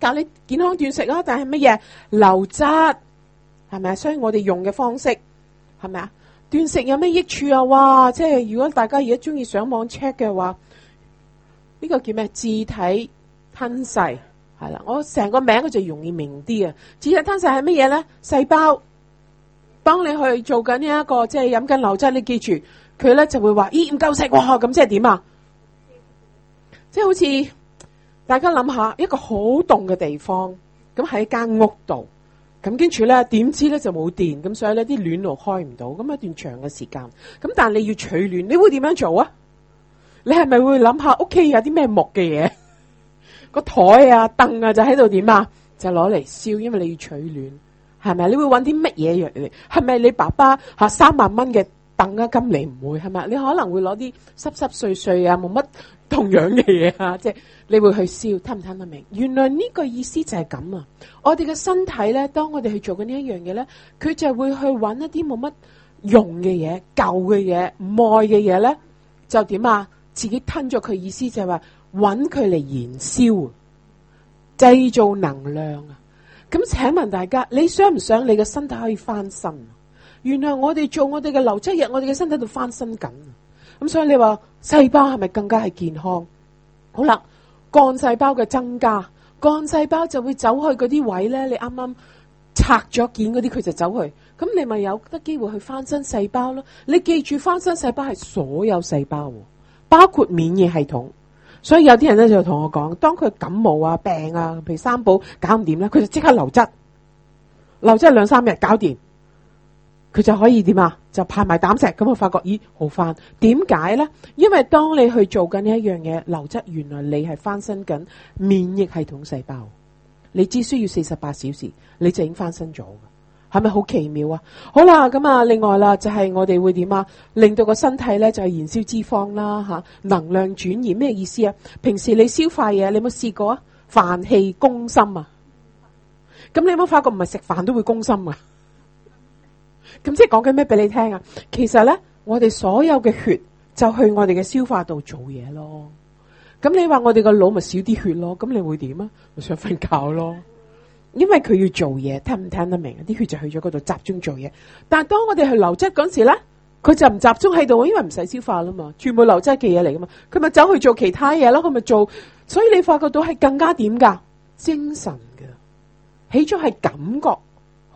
教你健康斷食咯，但係乜嘢流質？係咪啊？所以我哋用嘅方式係咪啊？斷食有咩益處啊？哇！即係如果大家而家中意上網 check 嘅話，呢個叫咩？自體吞噬係啦。我成個名佢就容易明啲啊。自體吞噬係乜嘢咧？細胞幫你去做緊呢一個即係飲緊流質，你記住佢咧就會話：咦，唔夠食哇！咁即係點啊？即係好似大家諗下一個好凍嘅地方，咁喺間屋度。咁跟住咧，點知咧就冇電咁，所以咧啲暖爐開唔到咁一段長嘅時間。咁但係你要取暖，你會點樣做是是 <laughs> 啊？你係咪會諗下屋企有啲咩木嘅嘢，個台啊、凳啊，就喺度點啊？就攞嚟燒，因為你要取暖係咪？你會揾啲乜嘢嚟？係咪你爸爸嚇三萬蚊嘅凳啊？咁你唔會係咪？你可能會攞啲濕濕碎碎啊，冇乜。同樣嘅嘢啊，即係你會去燒，聽唔聽得明？原來呢個意思就係咁啊！我哋嘅身體咧，當我哋去做緊呢一樣嘢咧，佢就會去揾一啲冇乜用嘅嘢、舊嘅嘢、唔愛嘅嘢咧，就點啊？自己吞咗佢意思就係話，揾佢嚟燃燒，製造能量啊！咁請問大家，你想唔想你嘅身體可以翻身？原來我哋做我哋嘅流七日，我哋嘅身體都翻身緊。咁、嗯、所以你話細胞係咪更加係健康？好啦，幹細胞嘅增加，幹細胞就會走去嗰啲位咧。你啱啱拆咗件嗰啲，佢就走去。咁你咪有得機會去翻新細胞咯。你記住翻新細胞係所有細胞，包括免疫系統。所以有啲人咧就同我講，當佢感冒啊、病啊、譬如三寶搞唔掂咧，佢就即刻留質，留質兩三日搞掂。佢就可以點啊？就拍埋膽石，咁我發覺咦好翻？點解呢？因為當你去做緊呢一樣嘢，流質原來你係翻身緊免疫系統細胞，你只需要四十八小時，你就已經翻身咗。係咪好奇妙啊？好啦，咁啊，另外啦，就係我哋會點啊？令到個身體呢，就係燃燒脂肪啦，吓，能量轉移咩意思啊？平時你消化嘢，你有冇試過啊？飯氣攻心啊？咁你有冇發覺唔係食飯都會攻心啊？咁即係講緊咩俾你聽啊？其實咧，我哋所有嘅血就去我哋嘅消化道做嘢咯。咁你話我哋個腦咪少啲血咯？咁你會點啊？我想瞓覺咯，因為佢要做嘢，聽唔聽得明啊？啲血就去咗嗰度集中做嘢。但係當我哋去流質嗰時咧，佢就唔集中喺度，因為唔使消化啦嘛，全部流質嘅嘢嚟噶嘛，佢咪走去做其他嘢咯，佢咪做。所以你發覺到係更加點噶？精神噶，起初係感覺。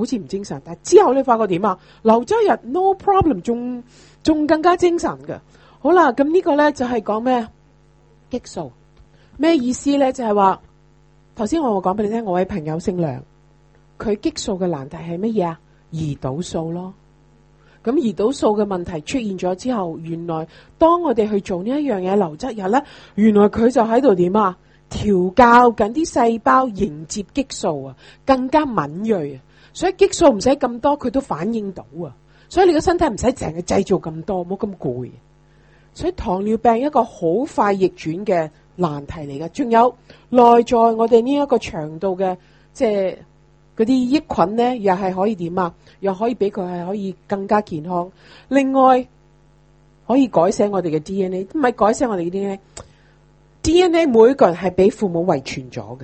好似唔精神，但之後你發覺點啊？留質日，no problem，仲仲更加精神嘅。好啦，咁呢個咧就係講咩激素咩意思咧？就係話頭先，我會講俾你聽，我位朋友姓梁，佢激素嘅難題係乜嘢啊？胰島素咯。咁胰島素嘅問題出現咗之後，原來當我哋去做呢一樣嘢，留質日咧，原來佢就喺度點啊？調教緊啲細胞迎接激素啊，更加敏銳。所以激素唔使咁多，佢都反映到啊！所以你個身體唔使成日製造咁多，冇咁攰。所以糖尿病一個好快逆轉嘅難題嚟嘅。仲有內在我哋呢一個腸道嘅，即係嗰啲益菌咧，又係可以點啊？又可以俾佢係可以更加健康。另外可以改寫我哋嘅 DNA，唔係改寫我哋嘅 DNA。DNA 每一個人係俾父母遺傳咗嘅。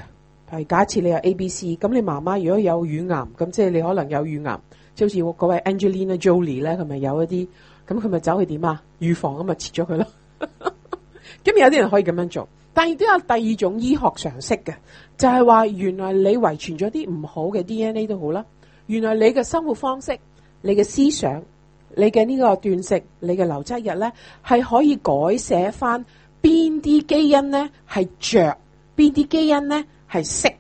係假設你有 A、B、C，咁你媽媽如果有乳癌，咁即係你可能有乳癌，即好似我嗰位 Angelina Jolie 咧，佢咪有一啲，咁佢咪走去點啊？預防咁咪切咗佢咯。咁 <laughs> 有啲人可以咁樣做，但係亦都有第二種醫學常識嘅，就係話原來你遺傳咗啲唔好嘅 DNA 都好啦，原來你嘅生活方式、你嘅思想、你嘅呢個斷食、你嘅流質日咧，係可以改寫翻邊啲基因咧，係着邊啲基因咧？係識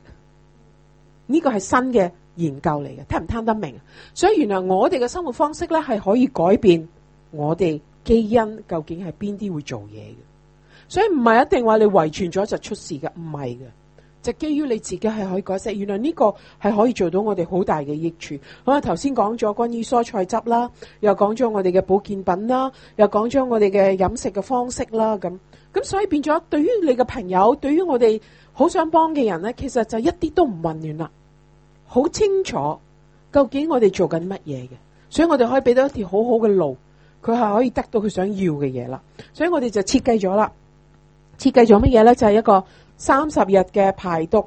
呢個係新嘅研究嚟嘅，聽唔聽得明？所以原來我哋嘅生活方式咧係可以改變我哋基因究竟係邊啲會做嘢嘅，所以唔係一定話你遺傳咗就出事嘅，唔係嘅，就是，基於你自己係可以改識。原來呢個係可以做到我哋好大嘅益處。咁啊，頭先講咗關於蔬菜汁啦，又講咗我哋嘅保健品啦，又講咗我哋嘅飲食嘅方式啦，咁咁所以變咗，對於你嘅朋友，對於我哋。好想幫嘅人咧，其實就一啲都唔混亂啦，好清楚究竟我哋做緊乜嘢嘅，所以我哋可以俾到一條好好嘅路，佢係可以得到佢想要嘅嘢啦。所以我哋就設計咗啦，設計咗乜嘢咧？就係一個三十日嘅排毒。